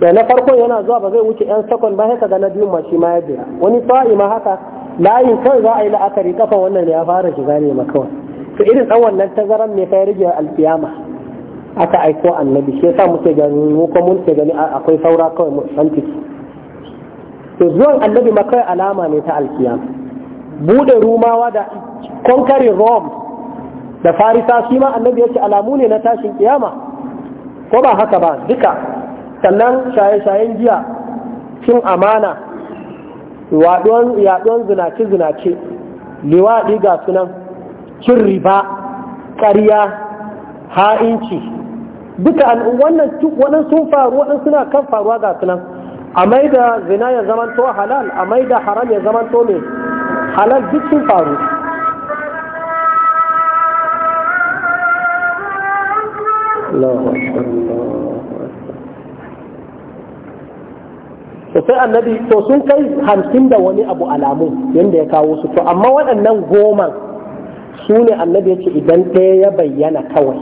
A: da na farko yana zuwa ba zai wuce yan sakon ba haka ga na biyun ma shi ma ya biya wani sa'i ma haka layin kan za a yi la'akari kafa wannan ya fara shiga ne ma kawai to irin dan wannan tazaran ne fa ya rage alkiyama aka aiko annabi shi yasa muke gani mu ko mun ce gani akwai saura kawai mu san to zuwan annabi ma kawai alama ne ta alfiyama bude rumawa da konkarin rom da farisa shi ma annabi yace alamu ne na tashin kiyama ko ba haka ba duka sannan shaye-shayen giya cin amana yaɗuwan zinace-zinace liwaɗi ga sunan cin riba ƙariya ha'inci duka wannan sun faru waɗansu suna kan faruwa ga sunan a mai da zina ya zamanto halal a mai da haram ya zamanto ne halal duk sun faru sai annabi to sun kai hamsin da wani abu alamu yadda ya kawo su to amma waɗannan goma su ne annabi ya ce idan ɗaya ya bayyana kawai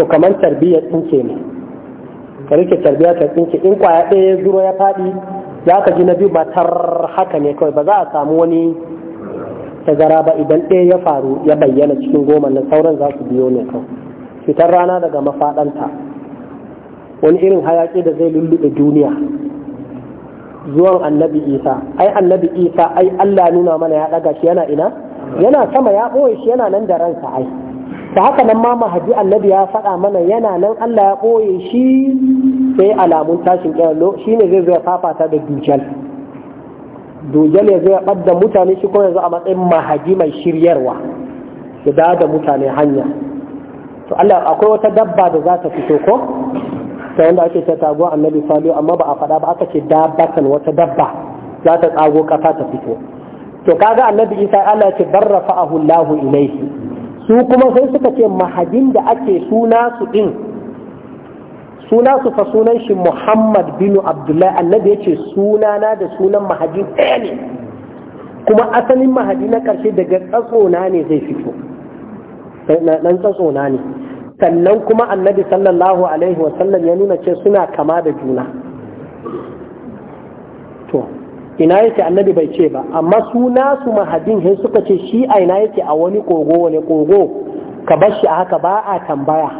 A: to kamar tarbiyya tsinke ne ka rike tarbiyya ta tsinke in kwaya ɗaya ya zuro ya faɗi za ka ji na biyu matar haka ne kawai ba za a samu wani tazara ba idan ɗaya ya faru ya bayyana cikin goma na sauran za su biyo ne kawai fitar rana daga mafaɗanta wani irin hayaƙi da zai lullube duniya zuwan annabi isa ai annabi isa ai allah nuna mana ya ɗaga shi yana ina yana sama ya ɓoye shi yana nan da ransa ai da haka nan ma mahaji annabi ya faɗa mana yana nan allah ya ɓoye shi sai alamun tashin ƙyallo shi ne zai zai fafata da dujal dujal ya zai ɓadda mutane shi kuma yanzu a matsayin mahaji mai shiryarwa ya da mutane hanya to Allah akwai wata dabba da za ta fito ko ta wanda ake ta tago annabi salihu amma ba a faɗa ba aka ce dabbatan wata dabba za ta tsago ƙasa ta fito to kaga annabi isa Allah ce barrafa ahullahu ilaihi su kuma sai suka ce mahadin da ake suna su din suna su fa sunan shi Muhammad bin Abdullahi annabi ya ce sunana da sunan mahadin ɗaya ne kuma asalin mahadi na ƙarshe daga tsatsona ne zai fito dan na ne sannan kuma annabi sallallahu alaihi wasallam ya nuna ce suna kama da juna to ina yake annabi bai ce ba amma su nasu mahadin sai suka ce shi a ina yake a wani kogo wani kogo ka bar shi a haka ba a tambaya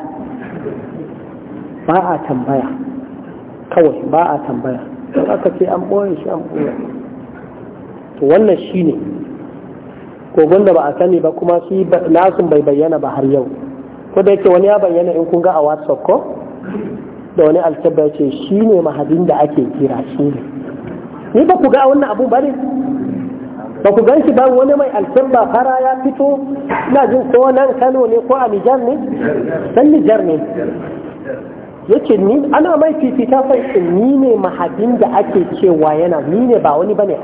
A: ba a tambaya kawai ba a tambaya don aka ce an ɓoye shi an ɓoye to wannan shi ne kogon da ba a sani ba kuma shi nasun bai bayyana ba har yau ko da yake wani ya bayyana in kun ga a whatsapp ko da wani alkebba ce shi ne mahadin da ake kira shi ne ni ba ku ga wannan abu ba ne ba ku gan shi ba wani mai alkebba fara ya fito ina jin ko nan kano ne ko a nijar ne dan nijar ne yake ni ana mai fifita fa ni ne mahadin da ake cewa yana ni ne ba wani ba ne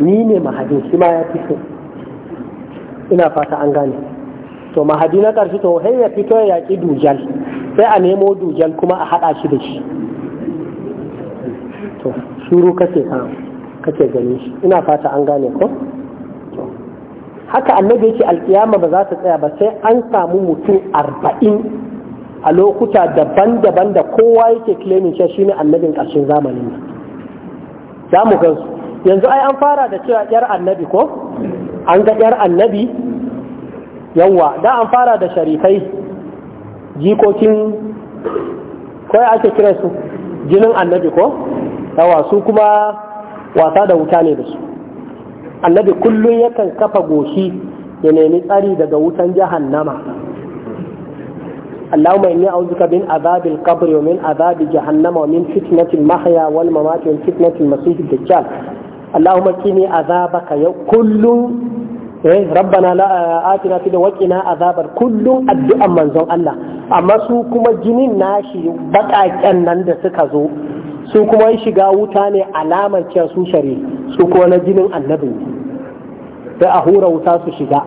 A: ni ne mahadin shi ma ya fito ina fata an gane to mahadi na ƙarshe to hai ya fito ya yaƙi dujal sai a nemo dujal kuma a haɗa shi da shi to shuru kace kake gani shi ina fata an gane ko haka annabi yake alkiyama ba za ta tsaya ba sai an samu mutum arba'in a lokuta daban-daban da kowa yake claiming shi shine annabin ƙarshen zamanin za mu gansu yanzu ai an fara da cewa yar annabi ko an ga ‘yar annabi yauwa da an fara da sharifai jikokin kawai ake kira su jinin annabi ko Ta wasu kuma wasa da wuta ne da su annabi kullum yakan kafa goshi ya nemi tsari daga wutan jahannama Allah mai ne auzu ka bin azabil kabri min azabi jahannama min fitnati mahya wal mamati min fitnatil masih dajjal Allahumma kini azabaka ya kullum eh rabbana la eh, atina fi waqina azabar kullum addu'an manzon Allah amma su kuma jinin nashi bakaken nan da suka zo su kuma shiga wuta ne alamar cewa su shari su kuma na jinin annabi sai a hura wuta su shiga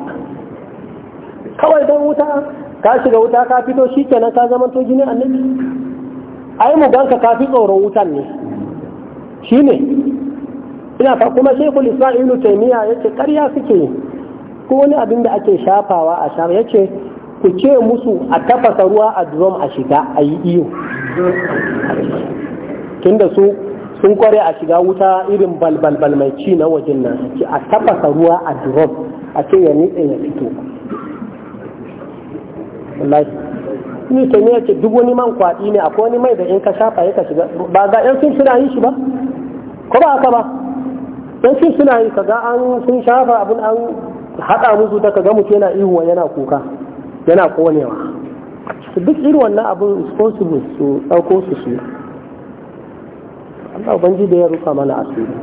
A: kawai dan wuta ka shiga wuta ka fito shi kenan ka zama to jinin annabi ai mu ganka ka fi tsoron wutan ne shi ne ina fa kuma shekul islam ibnu taymiya yace ƙarya suke ko wani abin da ake shafawa a shafa ya ce ku ce musu a tafasa ruwa a drum a shiga a yi iyo tunda su sun kware a shiga wuta irin balbalbal mai ci na wajen nan a tafasa ruwa a drum a ce ya nitse ya fito ni ta ne yake duk wani man kwaɗi ne akwai wani mai da in ka shafa ya ka shiga ba ga yan sun suna yi shi ba ko ba haka ba yan sun suna yi ka ga an sun shafa abin an haɗa musu ta kaga mutum yana ihuwa yana kuka yana konewa duk irin wannan abin responsible su ɗauko su su Allah banji da ya rufa mana asiri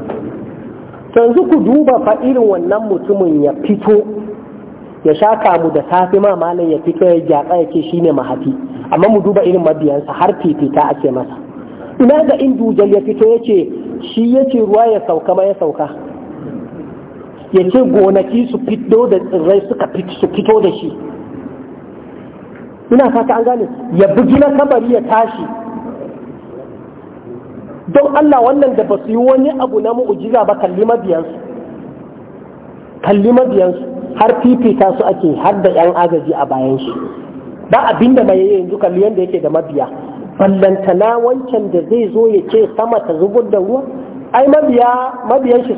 A: yanzu ku duba fa irin wannan mutumin ya fito ya sha kamu da safe ma malam ya fito ya gyatsa ya ce ne mahafi amma mu duba irin mabiyansa har fifita ake masa ina ga in dujal ya fito ya ce shi ya ce ruwa ya sauka ma ya sauka ya ce gonaki su fito da tsirrai suka fito da shi ina fata an gane ya bugi na kamar ya tashi don Allah wannan da ba su yi wani abu na mu'ujiza ba kalli mabiyansu kalli mabiyansu har fifita su ake har da yan agaji a bayan shi ba abin da mai yanzu kalli yadda yake da mabiya ballantana wancan da zai zo ya ce sama ta zubar da ruwa ai mabiya mabiyan shi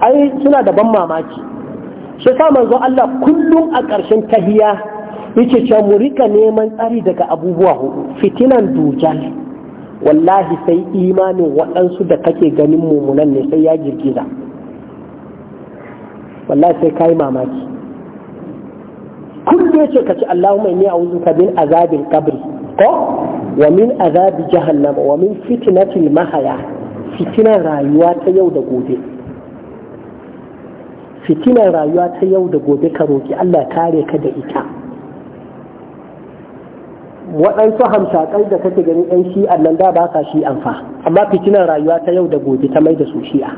A: ai suna da ban mamaki shi sa manzo Allah kullum a ƙarshen tahiya yake cewa mu rika neman tsari daga abubuwa hudu fitinan dujal wallahi sai imanin waɗansu da kake ganin mumunan ne sai ya girgiza wallahi sai kai mamaki kullum yace kace Allahumma inni a'udhu min azabil qabr ko wa min azabi jahannam wa min fitnatil mahaya fitinan rayuwa ta yau da gobe fitinar rayuwa ta yau da gobe ka roƙi Allah kare ka da ita waɗansu hamsakai da kake ganin ɗan shi'an nan da ba sa shi'an fa amma fitinar rayuwa ta yau da gobe ta mai da su shi'a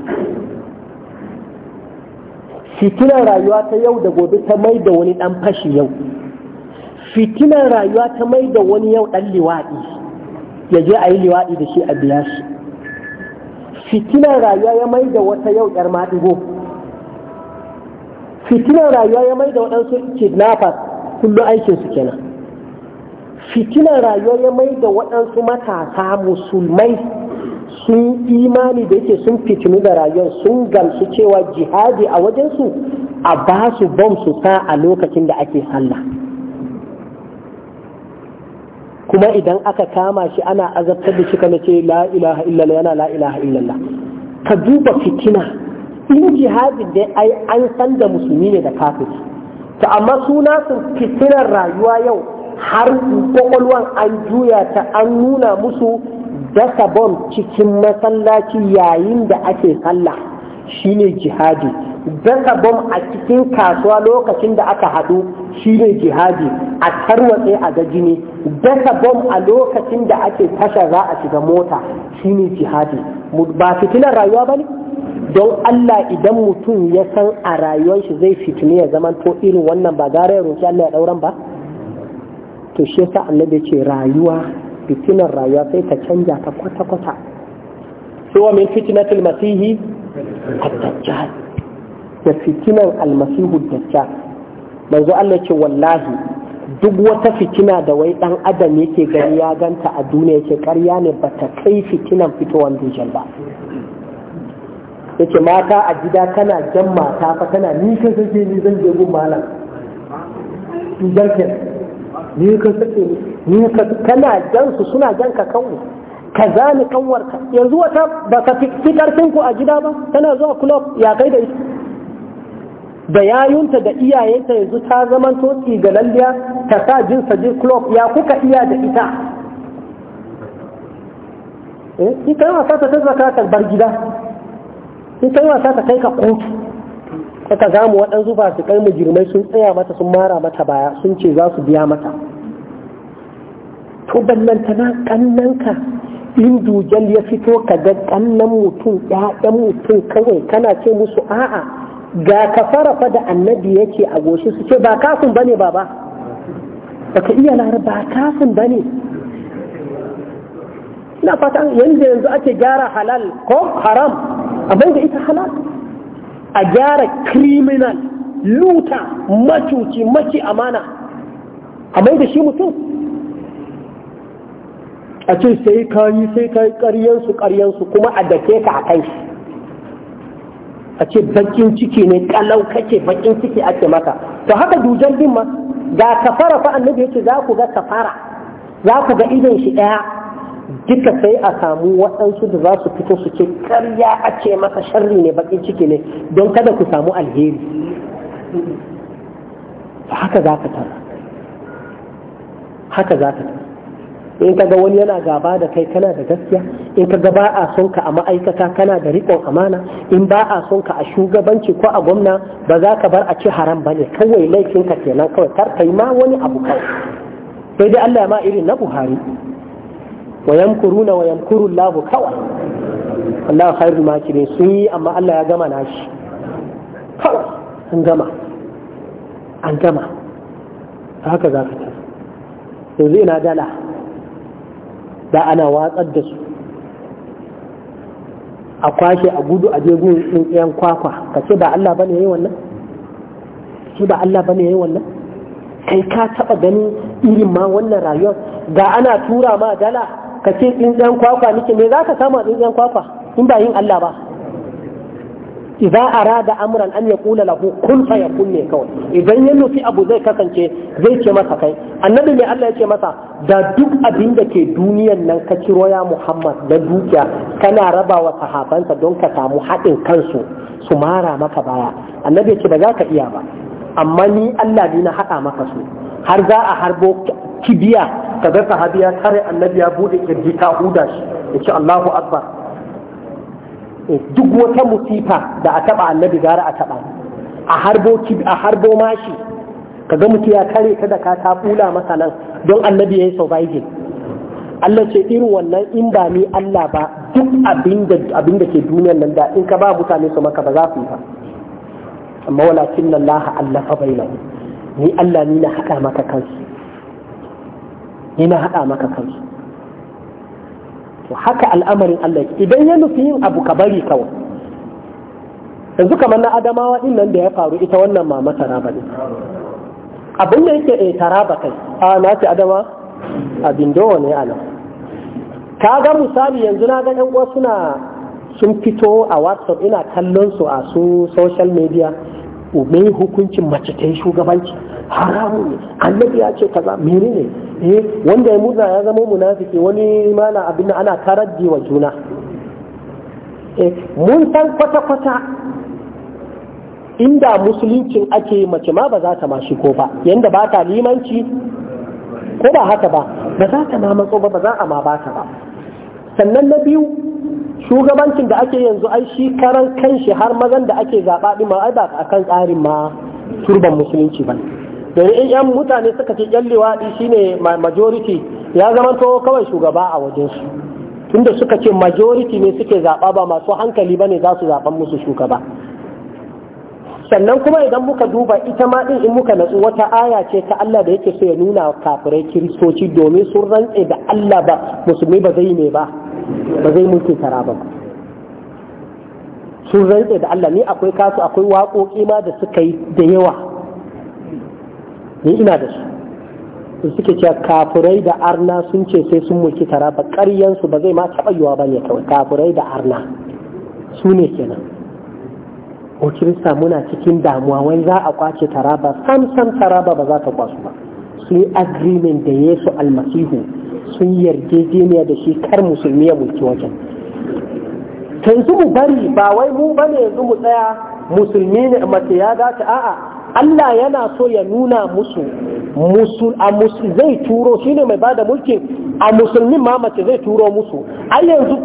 A: fitinar rayuwa ta yau da gobe ta mai da wani ɗan fashi yau fitinar rayuwa ta mai da wani yau ɗan liwaɗi ya je a yi liwaɗi da shi a biya shi fitinar rayuwa ya mai da wata yau ƴar maɗigo Fitilan rayuwa ya mai waɗansu kidnappers kullum aikinsu kenan Fitinan rayuwa ya mai da waɗansu matasa musulmai sun imani da yake sun fitinu da rayuwar sun gamsu cewa jihadi a wajensu a ba su bom su sa a lokacin da ake sallah kuma idan aka kama shi ana azabtar da shi kana ce la illallah yana la illallah ka duba fitina in jihadin dai ai an san da musulmi ne da kafiri to amma suna sun fitinar rayuwa yau har kwakwalwan an juya ta an nuna musu dasa bom cikin masallaci yayin da ake sallah shine jihadi dasa bom a cikin kasuwa lokacin da aka haɗu shine jihadi a tarwatse a ga jini dasa bom a lokacin da ake tasha za a shiga mota shine jihadi ba fitilar rayuwa ba ne don Allah idan mutum ya san a rayuwar shi zai fitini ya zaman to irin wannan ba gara ya roki Allah ya dauran ba to shi Allah annabi ce rayuwa fitinar rayuwa sai ta canja ta kwata kwata sai wa min fitnatil masihi
B: ad-dajjal
A: da fitinan almasihu dajjal manzo Allah ce wallahi duk wata fitina da wai dan adam yake gani ya ganta a duniya yake ƙarya ne ta kai fitinan fitowar dujal ba yace mata a gida kana jan mata fa kana ni kan sake ni zan je gun malam ke, ni kan sake ni ka kana jan su suna jan ka kanku ka zani kanwarka yanzu wata ba ka fi karfin ku a gida ba tana zuwa club ya kai da ita da yayunta da iyayenta yanzu ta zaman toki ga lalliya ta sa jin sajin club ya kuka iya da ita eh ita ma ta ta zaka ta bar gida in kai wasa ka kai ka kotu za mu waɗansu ba su kai mujirmai sun tsaya mata sun mara mata baya sun ce za su biya mata to ballantana kannanka in dujal ya fito ka ga kannan mutum ƴaƴan mutum kawai kana ce musu a'a ga ka farafa da annabi yake a goshi su ce ba kafin bane baba baka iya lara ba kafin bane ina fata yanzu yanzu ake gyara halal ko haram a da ita halal a gyara criminal luta macuci maki amana a da shi mutum a ce sai yi sai yi karyansu karyansu kuma a dake ka a kai a ce bakin ciki ne kalau kake bakin ciki ake maka to haka dujan bin ma ga kafara fa annabi yake za ku ga kafara za ku ga idan shi daya duka sai a samu waɗansu da za su fito su ce karya a ce masa sharri ne bakin ciki ne don kada ku samu alheri haka za ka tara haka za ka tara in ka ga wani yana gaba da kai kana da gaskiya in ka ga ba a son ka a ma'aikata kana da riƙon amana in ba a son ka a shugabanci ko a gwamna ba za ka bar a ci haram ba ne kawai laifinka kenan kawai kar ka yi ma wani abu kawai sai dai Allah ya ma irin na Buhari wa yamkuruna wa yamkuru kawai Allah khairul makirin sun yi amma Allah ya gama nashi kawai an gama an gama haka za ka ta dala da ana watsar da su a kwashe a gudu a jegun tsintsiyan kwakwa ka ce ba Allah wannan kai ka taba ganin irin ma wannan rayuwar da ana tura ma dala ka ce tsintsiyan kwakwa nake me za ka kama ɗan kwakwa in ba yin Allah ba idza arada amran an yaqula lahu kun fayakun ne kawai idan ya nufi abu zai kasance zai ce masa kai annabi mai Allah ya ce masa da duk abin da ke duniyan nan ka ciro ya Muhammad da dukiya kana raba wa sahabansa don ka samu haɗin kansu su mara maka baya annabi ya ce ba za ka iya ba amma ni Allah ne na haɗa maka su har za a harbo kibiya ka ga sahabi ya kare annabi ya bude kirji ta huda shi ya ce Allahu akbar eh, duk wata musifa da a taba annabi gara a taba a harbo a harbo mashi ka ga mutum ya kare ta da ka ta masa nan don annabi ya yi surviving Allah ce irin wannan in ba ni Allah ba duk abin da ke duniyar nan da in ka ba mutane su maka ba za su yi ba amma walakin Allah Allah fa na. ni Allah ni na haɗa maka kansu ni na haɗa maka kansu to haka al'amarin Allah idan ya nufi yin abu ka bari kawai yanzu kamar na adamawa din nan da ya faru ita wannan mama taraba ne abin da yake eh taraba kai a na ce adama abin dowa ne ana ka ga misali yanzu na ga yan uwa suna sun fito a whatsapp ina kallon su a su social media me hukuncin mace ta yi shugabanci haramu ne annabi ya ce kaza menene eh wanda ya murna ya zama munafiki wani mana abin ana karaddi wa juna eh mun san kwata kwata inda musuluncin ake mace ma ba za ta ma ko ba yanda ba ta limanci ko ba haka ba ba za ta ma matso ba ba za a ma ba ta ba sannan na biyu shugabancin da ake yanzu ai shi karan kanshi har mazan da ake zaɓa ɗin ma ai ba a kan tsarin ma turban musulunci ba domin in yan mutane suka ce yan liwaɗi shine majority ya zama to kawai shugaba a wajen su tunda suka ce majority ne suke zaɓa ba masu hankali ba ne za su zaɓan musu shugaba sannan kuma idan muka duba ita ma ɗin in muka natsu wata aya ce ta Allah da yake so ya nuna kafirai kiristoci domin sun rantse da Allah ba musulmi ba zai ne ba ba zai mulki saraba ba sun rantse da Allah ni akwai kasu akwai waƙoƙi ma da suka yi da yawa ni ina da su su suke cewa kafurai da arna sun ce sai sun mulki taraba ƙaryansu ba zai ma taɓa yiwa ba ne kawai kafurai da arna su ne kenan ko kirista muna cikin damuwa wai za a kwace taraba sam sam taraba ba za ta kwasu ba su yi agreement da yesu almasihu sun yarjejeniya da shi kar musulmi ya mulki wajen ta yanzu mu bari ba wai mu bane yanzu mu tsaya musulmi ne mace ya dace a'a Allah yana so ya nuna musu musul a musul zai turo shine mai bada mulki? a musulmi ma mace zai turo musu ai yanzu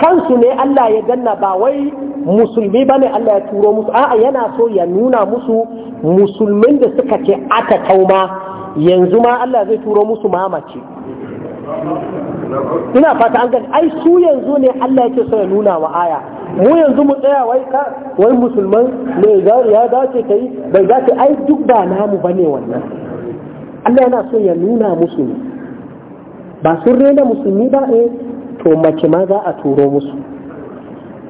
A: kansu ne Allah ya danna ba wai musulmi bane Allah ya turo musu a'a yana so ya nuna musu musulmin da suka ce aka kauma yanzu ma Allah zai turo musu mamaci. ina fata an gani ai su yanzu ne Allah yake so ya nuna wa aya mu yanzu mu tsaya wai ka wai musulman ne ya dace kai bai dace ai duk ba namu bane wannan Allah yana so ya nuna musu ba sun rena musulmi ba eh to mace ma za a turo musu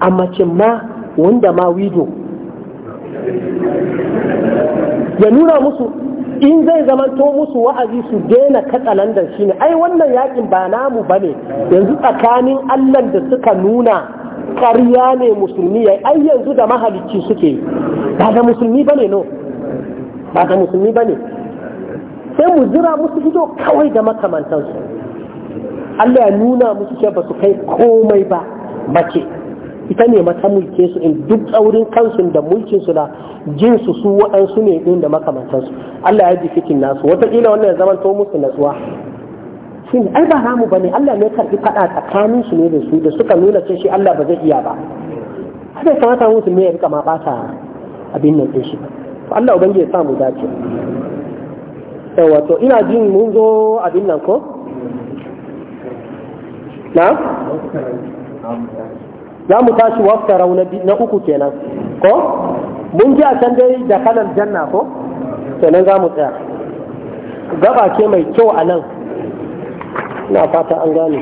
A: a mace ma wanda ma wido ya nuna musu in zai zamanto musu wa'azi su daina katsalandar shi ne ai wannan yakin ba namu ba ne yanzu tsakanin allan da suka nuna ƙarya ne musulmi ya ai yanzu da mahalicci suke ba da musulmi ba ne no ba da musulmi ba ne sai mu jira musu ido kawai da makamantansu allah ya nuna musu ce ba su kai komai ba mace ita ne mata mulke su in duk tsaurin kansu da mulkin su da jin su su waɗansu ne din da makamantansu Allah ya ji cikin nasu wataƙila wannan ya zama to musu natsuwa shin ai ba namu bane Allah ne karbi fada tsakanin su ne da su da suka nuna ce shi Allah ba zai iya ba haka kamata musu ne ya rika ma bata abin nan din shi to Allah ubangiji ya sa mu dace eh wato, ina jin mun zo abin nan ko na za mu tashi waftarau na uku kenan ko mun ji a can dai da kanan janna ko kenan za mu tsaya gaba ke mai kyau a nan na fata an gane